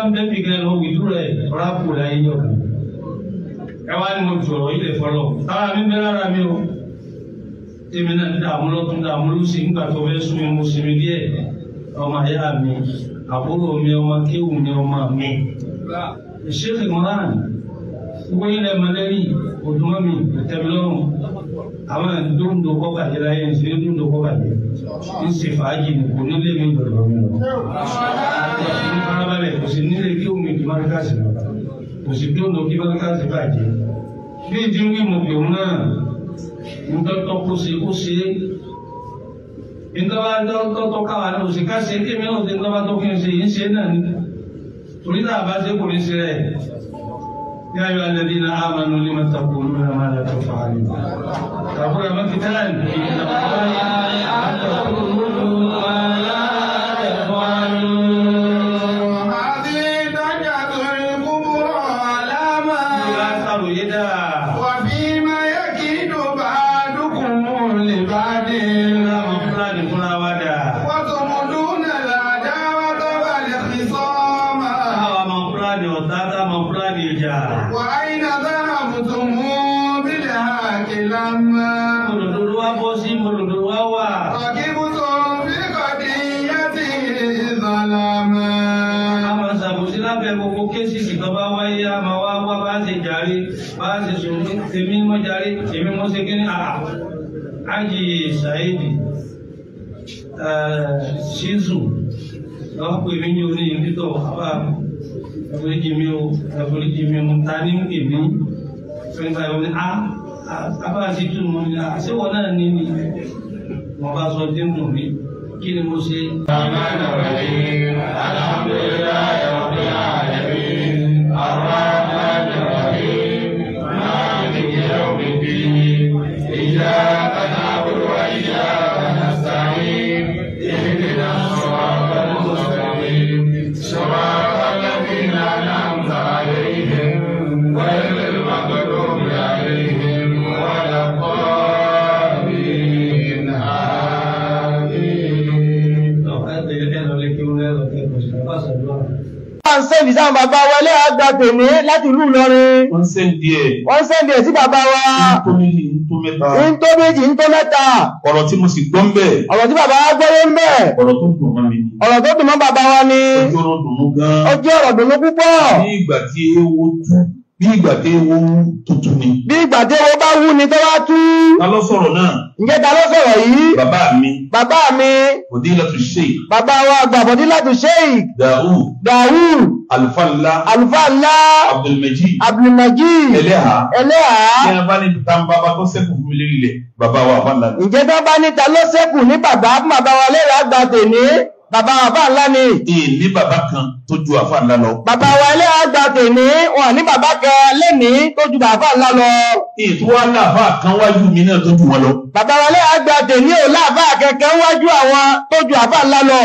bá ń bẹ́ẹ̀ fi gan lọ wìlú rẹ̀ ráàpù láyé yọ̀ kù. ẹ wá ní mo jọ̀rọ̀ ilẹ̀ fọlọ́ tára mi bẹ́ lára mi o èmi náà dààmú lọ́tún dààmú lóṣì nígbà tó fẹ́ sún mi mo sinmi díẹ̀ ọmọ àyà mi àbúrò mi ọmọ kéwù mi ọmọ mi. Sheikh Imran wọ́n ilẹ̀ mọ́lẹ́rì òdùmọ́ mi tẹ̀mílọ́rùn àwọn ẹ̀dùn tó kọ́ bàjẹ́ láyé ń ṣe dùn tó kọ́ bàjẹ́ ń ṣe fàájì ní kò nílé mi gbọ̀dọ̀ mi lọ. ní farabalẹ̀ kò sí nílé kí omi di márkàsì lọ kò sí dùn tó kí márkàsì bàjẹ́. bí ìdí wí mo bì òun náà ntọ́tọ́ kó ṣe kó ṣe ntọ́tọ́ káwa náà kò sí ká ṣe kí mi náà ṣe ntọ́ba tó kí n ṣe yìí ń ṣe náà torí náà bá ṣe kò ní ṣe rẹ̀. يا أيها الذين آمنوا لم تقولون ما لا تفعلون ما كبر مقتا عند الله Thank you ìjà. Wà á iná dára mùtùn mú wa bọ́ sí olùdòdó wa wà. Ọ̀gí mùtò fi kọ̀dí yá ti ìzọ̀lá mọ́. A máa ṣàbòsí lábẹ́ gbogbo kéésì ìjọba wáyé a máa wá wá bá ṣe jàre bá ṣe ṣòro èmi mọ́ jàre èmi Ṣíṣù lọ́pọ̀ èmi ní orí ìrítọ̀ àbá mi ẹ̀fọ́lẹ́jì mi o ẹ̀fọ́lẹ́jì mi o ta ní èmi twenty a abára ti tún mọ́ mi àṣewọ̀ náà ní mi wọ́n bá sọ dé mọ̀ mi kí ni mo Wọ́n ṣe ìdí sáwọn bàbá wa lé àgbà tèmi láti ìlú Ìlọrin. Wọ́n ṣe ń díẹ̀. Wọ́n ṣe ń díẹ̀ sí bàbá wa. Ń tó méjì ń tó mẹ́ta. Ọ̀rọ̀ tí mo sì gbọ́ ń bẹ̀. Ọ̀rọ̀ tí bàbá wa gbọ́yé ń bẹ̀. Ọ̀rọ̀ tó dùn mọ́ mi ni. Ọ̀rọ̀ tó dùn mọ́ bàbá wa ni. Ojú ọ̀rọ̀ dùnú gan. Ojú ọ̀rọ̀ dùnú púpọ̀. Ní ìgbà tí ewo tú bí ìgbà tí ewo tuntun ni. bí ìgbà tí ewo bá wú ni tó wá tú. ta ló sọ̀rọ̀ náà. ǹjẹ́ ta ló sọ̀rọ̀ yìí. bàbá mi. bàbá mi. Fodilatu Sheikh. bàbá wa àgbà Fodilatu Sheikh. Daud. Daud. àlùfáà ńlá. àlùfáà ńlá. Abdulmajid. Abdulmajid. Eleha. Eleha. ní a bá ní ta ń bàbá tó sẹ́kù fún mi lérí lẹ̀ bàbá wa àbá ńlá. ǹjẹ́ bá ní ta ló sẹ́kù ní bàbá bàbá wa lẹ́rìí Bàbá àfà ńlá ni. Èyí ní bàbá kan tó ju àfà ńlá lọ. Bàbá wa ilé àgbà tèmi, wọn ní bàbá kan lẹ́ni tó ju bàbá ńlá lọ. Èyí tó wá láàfà kan wájú mi náà tó ju wọn lọ. Bàbá wa ilé àgbà tèmi ò láàfà kankan wájú àwọn tó ju àfà ńlá lọ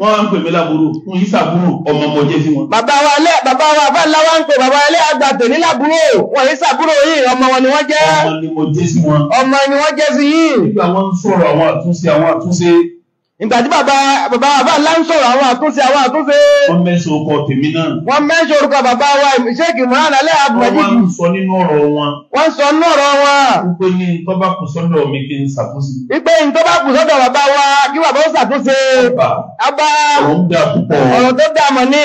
wọ́n ń pè mí lábúrò fún ìsàbúrò ọmọ ọmọ jẹ́ sí wọn. bàbá wa lẹ bàbá wa bá láwa ń pè bàbá ilé àgbà tèmi lábúrò wọn ìsàbúrò yìí ọmọ wọn ni wọ́n jẹ́. ọmọ ni mo jẹ́ sí wọn. ọmọ ìgbàtí bàbá bàbá bàbá ńlá ń sọ̀rọ̀ àwọn àtúnṣe àwọn àtúnṣe. wọ́n mẹ́sàn ọkọ̀ tèmi náà. wọ́n mẹ́sàn orúkọ bàbá wa ṣéèkì mọ́rán alẹ́ àbùmọ̀jì. wọ́n sọ nínú ọ̀rọ̀ wọn. wọ́n sọ nínú ọ̀rọ̀ wọn. wípé ní tó kù sọ́dọ̀ mi kí n ṣàtúnṣe. wípé ní tó kù sọ́dọ̀ bàbá wa kí bàbá ó ṣàtúnṣe. àbá ọ̀rọ̀ tó dà mọ̀ ní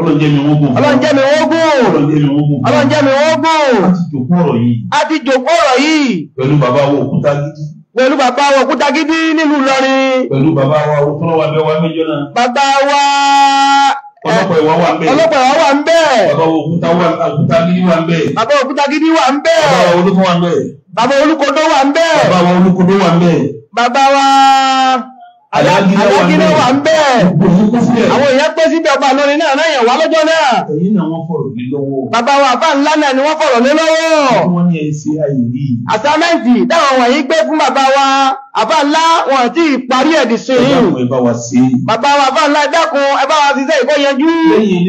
ọlọ́njẹ́ mi wọ́n gùn ọlọ́njẹ́ mi wọ́n gùn ọlọ́njẹ́ mi wọ́n gùn a ti jòkó ọ̀rọ̀ yìí pẹ̀lú bàbá wa òkúta gidi pẹ̀lú bàbá wa òkúta gidi nílùú Ìlọrin pẹ̀lú bàbá wa òkúta wa bẹ́ẹ̀ wá méjọ náà bàbá wa ọlọ́pàá ìwà wà ń bẹ ọlọ́pàá ìwà wà ń bẹ bàbá òkúta òkúta gidi wà ń bẹ bàbá òkúta gidi wà ń bẹ bàbá olúkọ wà ń bẹ bàbá olúkodó wà ń bẹ bàbá olúkodó wà ń bẹ bàbá wa alágídá wà ń bẹ́ẹ̀ àwọn èèyàn pé síbẹ̀ ọba lórí náà náà yàn wá lọ́jọ́ náà bàbá wa bá ńlá náà ni wọ́n fọ̀rọ̀ lé lọ́wọ́ àtàmẹ́ǹtì táwọn wọ̀nyí gbé fún bàbá wa àbá ńlá wọn tí ìparí ẹ̀dì sí yìí bàbá wa àbá ńlá dákun ẹbá wa ti sẹ́ ìkó yanjú lẹ́yìn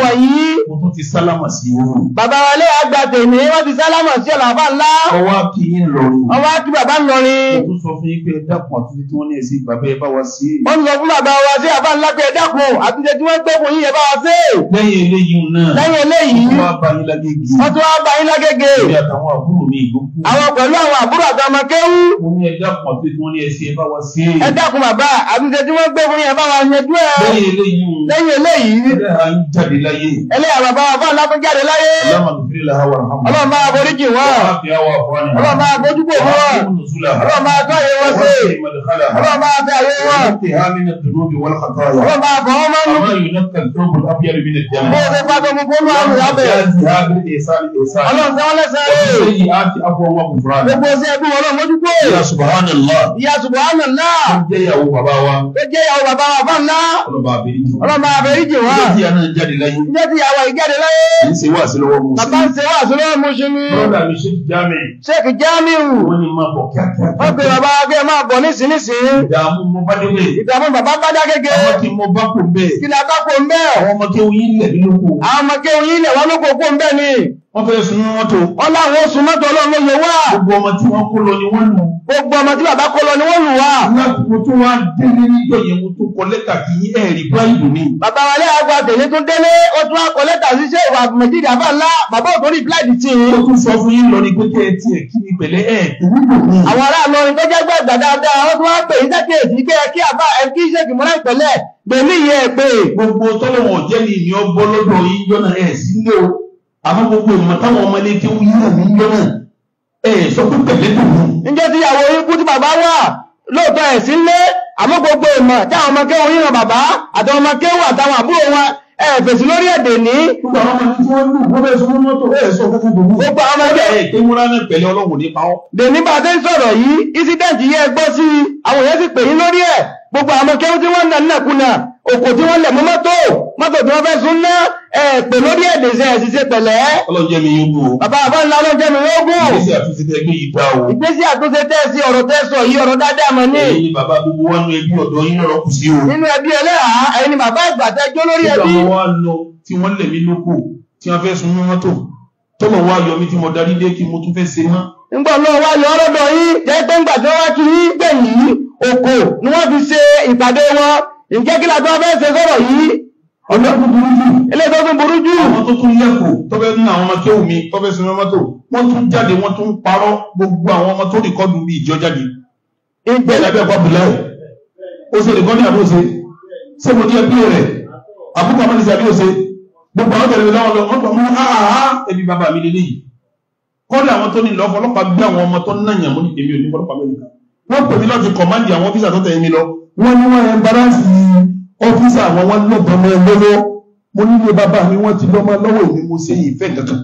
wọ̀nyí bàbá wa lé àgbà tèmi wọ́n ti sálámà sí ọ̀nà àbá ńlá ọwá kí ń lọrin ọwá kí bàbá ń lọrin ó tún sọ fún yín pé dákun àtúntí tí wọ́n ní ẹ̀sìn bàbá ẹbá wa sí wọ́n tún sọ fún bàbá wa sí àbá ńlá pé dákun àtúntí tí wọ́n gbé fún yín ẹbá wa sí lẹ́yìn eléyìí náà lẹ́yìn eléyìí wọ́n tún wá bá yín lágége àwọn pẹ̀lú àwọn àbúrò àtàwọn ọmọ kéwú dákun àti tí wọ́n ní ẹsẹ̀ bá wa sí. ẹ dákun bàbá àtúnṣe tí wọ́n gbé fún yẹn bá wa yanjú ẹ̀. lẹ́yìn eléyìí lẹ́yìn eléyìí. ẹlẹ́yà ń jáde láyé. ẹlẹ́yà bàbá wa fún aláfẹ́ jáde láyé. ọlọ́run máa foríjì wọn. ọlọ́run máa bójúbò wọn. ọlọ́run máa tọ́ àyè wọn sí. ọlọ́run máa tẹ àyè wọn. ọlọ́run máa bọ̀ wọ́n mọ́nu. bó o ṣe pàtó mú fóònù àwọn ìyá bẹ̀rẹ̀. ọlọ́run sẹ́wọ́n lẹ́sẹ̀ rẹ̀. gbogbo ṣe ẹbí wọn lọ́ subhanallah. ìyá subhanallah. ó jẹ́ ìyàwó bàbá wa. ó jẹ́ ìyàwó bàbá wa fún ńlá. ọlọ́ba àbẹ̀ríjì wa. ọlọ́ba àbẹ̀ríjì wa. ó jẹ́ ìyá náà jáde láyé. ó jẹ́ ìyàwó ìjáde láyé. ń ṣe wá sí lọ́wọ́ mùsùlùmí. bàbá ń ṣe wá sí lọ́wọ́ mùsùlùmí. bọ́dà mi ṣe jámì. ṣéèkì jámì wù. ó ní máa bọ̀ kíákíá. ó pe bàbá wa pé máa bọ̀ nísinsìnyí. ìdààmú mo bá dé wọ́n fẹ́ sun mọ́tò. ọláwọ́ sun mọ́tò ọlọ́run ló yẹ wá. gbogbo ọmọ tí wọ́n kó lọ ni wọ́n lù. gbogbo ọmọ tí bàbá kó lọ ni wọ́n lù wá. láti tó wá délé níjọ yẹn mo tó kọ lẹ́tà kí yín ẹ̀ rí bá ìlú mi. bàbá wa lẹ́yìn àgbà tèmi tún délé ó tún akọ lẹ́tà sí ṣé ìwà àgùnmẹ̀jì ìdàbà ńlá bàbá òtórí bíláàdì tì í. ó tún sọ fún yín lọ ní pé kẹ́ ẹ tiẹ̀ kí ni pẹ̀lẹ́ ẹ̀ àwọn ará lọrin tó jẹ́ gbẹ̀gbà dáadáa wọ́n tún wá pè yín sẹ́kì èsì kí ẹ kí àbá ẹ kí ṣèkì mọ́lá ìpẹ́lẹ̀ gbèmí yẹn pé. gbogbo tọ́lọ́wọ̀n o àmọ́ gbogbo ìmọ̀ táwọn ọmọlé tí ó yíra ní lọ́nà ẹ̀ sọ pé pẹ̀lẹ́ dùn mí. ǹjẹ́ ti ìyàwó yín kú tí bàbá wà lóòótọ́ ẹ̀ sí lé àmọ́ gbogbo ìmọ̀ táwọn ọmọ kéwù yíran bàbá àtàwọn ọmọ kéwù àtàwọn àbúrò wa ẹ̀ fèsì lórí èdè ní. gbogbo àwọn ọmọ tí wọ́n lù wọ́n bẹ̀ sọ fún mọ́tò ẹ̀ sọ fún gbogbo. gbogbo àwọn ọmọdé ẹ̀ pé múra náà pẹ̀lẹ́ ọlọ́run nípa ọ́. dèní bá a ti ń sọ̀rọ̀ yìí incident yìí ẹ gbọ́ sí i àwọn èèyàn sì pè yín lórí ẹ̀ gbogbo àwọn ọmọ kéwù tí wọ́n ń nà nínàkúnà òkò tí wọ́n lẹ̀ mọ́ mọ́tò mọ́tò tí wọ́n fẹ́ sún ná ẹ̀pẹ̀ lórí èdè ṣe ẹ̀ṣiṣẹ́ pẹ̀lẹ́. ọlọ́jẹ́ mi yóò gùn. bàbá àbá ńlá ọlọ́jẹ́ mi yóò gùn. ìgbésí àtúnṣe tẹ́ gbé yìí dá o. ìgbésí àtúnṣe tẹ́ sí ọ̀rọ̀ tẹ́ sọ yìí ọ̀rọ̀ dáadáa mọ̀ ní. ẹ̀yin bàbá gbogbo wọn nu ẹbí ọ̀dọ́ yín lọ́rọ̀ kù sí o. nínú ẹbí ẹlẹ́hà ẹ̀yin bàbá ìgbà tẹ́ jó lórí ẹbí. ìgbà wọn lọ tí wọ́n lẹ̀ mí lóko tí wọ́n fẹ́ sun mọ́tò tọ́lọ̀ wá yọ mí tí mo darí lé kí mo tún fẹ́ ṣe mọ́. nígbà náà wá yọ ọlọ́dọ̀ yín jẹ́ pé ńgbà tí wọ́n wá kí yín gbẹ̀yìn òkò ni wọ́n fi ṣe ìpàdé wọn ǹjẹ́ kí làtọ́ fẹ́ ṣe sọ̀rọ̀ yìí ọjọ́ tó burú jù eléyìí tó tún burú jù. àwọn tó tún yẹ̀kù tó fẹ́ nínú àwọn ọmọ tó mi tó fẹ́ sinmi ọmọ tó wọ́n tún jáde wọ́n tún parọ́ gbogbo àwọn ọmọ tó rìkọ́dù bí ìjọ jáde. ìgbẹ́ ìlàbẹ́ ẹ̀kọ́ bùlẹ́ o ó ṣe rìkọ́dù àbó ṣe ṣé mo ní ẹbí rẹ̀ àbúkọ ọmọ nìṣẹ́ àbí ó ṣe gbogbo àwọn tẹ̀lé lọ́wọ́ lọ wọ́n tọ́ mú áhà ẹbí bàbá mi wọ́n ní wọ́n ẹ̀mbaránsì ọ́fíìsà àwọn wọ́n lọ́gbọ̀n mọ́ ẹ lọ́wọ́ mo nílé bàbá mi wọ́n ti lọ́mọ lọ́wọ́ èmi mo ṣe ìfẹ́ kankan.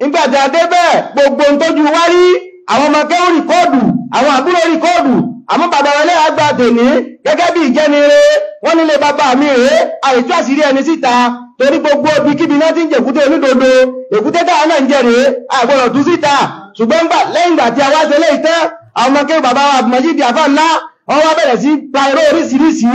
nígbà tí a dé bẹ́ẹ̀ gbogbo ntọ́jú wá rí àwọn ọmọ kẹ́wọ́n rìkọ́ọ̀dù àwọn àbúrò rìkọ́ọ̀dù àmọ́ bàbá wọn lẹ́yìn àgbà tèmi gẹ́gẹ́ bí ìjẹnire wọ́n nílé bàbá mi rèé àìtú àṣírí ẹni síta torí gbogbo ibi kíbi náà ti ń jẹ̀kúté onídodo èkúté táwa náà ń jẹ a wá ṣe léyìí tán àwọn ọmọ kẹ́wọ́n bàbá wa àbùmọ̀jì ìdí àfáà wọ́n wá bẹ̀rẹ̀ sí gba irọ́ oríṣiríṣi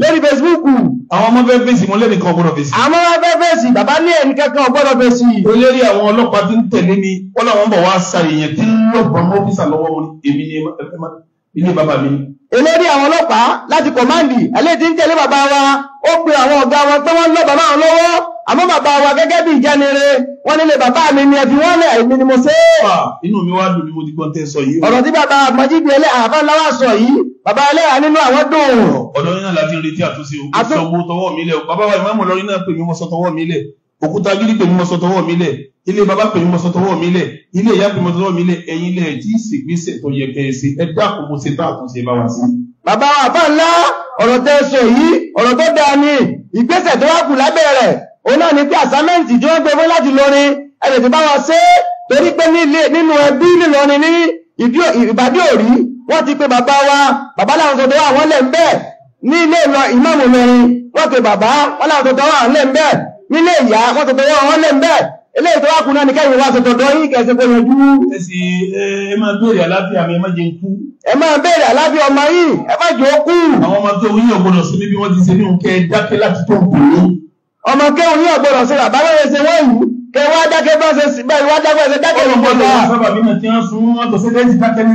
lórí fesibúùkù àwọn ọmọ fẹ́ fèsì mọ́ lẹ́nìkan ọgbọ́dọ̀ fèsì àwọn ọmọ fẹ́ fèsì bàbá ní ẹnìkankan ọgbọ́dọ̀ fèsì olórí àwọn ọlọ́pàá tí ń tẹ̀lé ni wọ́n làwọn bọ̀ wá sàrìyàn tí ń lọ́pàá mọ́ ọ́fíìsà lọ́wọ́ wọn èmi ni ilé bàbá mi. olórí àwọn ọlọ́pàá láti kọ̀máǹdì alẹ́ tí ń tẹ̀lé bàbá wa ó pe àwọn ọ̀gá wọn pé wọ́n lọ́bàá máa lọ́wọ́ àmọ́ bàbá wa gẹ́gẹ́ bí ìjánire wọ́n nílé bàbá mi ni ẹbí wọ́n lẹ̀ èmi ni mo ṣe é. Ah, inú mi wá dùn bí mo ti gbọ́n tẹ́ sọ yìí. ọ̀rọ̀ tí bàbá Mọ̀jídé ẹlẹ́ àbá láwà sọ yìí bàbá ẹlẹ́yà nínú àwọn dùn. ọ̀dọ́ yín náà láti retí àtúnṣe òkúta owó tọwọ́ mi lẹ̀ wa ìmọ̀ lọ́rí náà pè mí mo sọ tọwọ́ mi lẹ̀ òkúta gírí pè mí mo sọ tọwọ́ mi lẹ̀ ilé bàbá pè mí mo sọ tọwọ́ mi lẹ̀ ilé ìyá pè mí mo sọ tọwọ́ mi lẹ̀ ẹ̀yin lẹ̀ tí ìsìgbésẹ̀ tó yẹ kẹ́ ẹ ṣe ẹ dákun mo ṣe tá àtúnṣe bá wa sí. bàbá wa ńlá ọ̀rọ̀ tẹ́ sọ yìí ọ̀rọ̀ tó dáa ni ìgbésẹ̀ tó wá kù lábẹ́ rẹ̀ òun náà ni pé àsámẹ́ǹtì tí wọ́n gbé fún láti lọrin ẹ̀rẹ̀ tó bá wọn ṣe é torí pé nínú ẹbí nílọrin ní ìbàdí òrí wọ́n ti pe bàbá wa bàbá láwọn tó dọ́wọ́ àwọn lẹ̀ ń bẹ́ẹ̀ ní ilé ìlọ ìmáàmù mẹ́rin wọ́n pe bàbá wọn láwọn tó dọ́wọ́ àwọn lẹ̀ ń bẹ́ẹ̀ nílé ìyá wọ́n tó dọ́wọ́ àwọn lẹ̀ ń bẹ́ẹ̀ ilé ìtọ́ wá kùnà nìkẹ́ ìwà sọ̀tọ̀ dọ́ yìí kẹsẹ̀ kó yanjú. ẹ sì ẹ máa béèrè àlàáfíà mi ẹ má jẹ ikú. ẹ máa béèrè àlàáfíà ọmọ yìí ẹ má jọ kú. àwọn ọmọ tó yín ọgbọdọ sí níbi wọn ti ṣe ní òun kẹ dákẹ́ láti tó òkú ọmọ kéhùn ní ọ̀gbọ̀rọ̀ sí ràbá wẹ́rẹ́ ṣe wọ́n yìí kẹwàá dákẹ́ bá ṣe báyìí wá dákẹ́ bá ṣe dákẹ́ lọ́gbọ̀dọ̀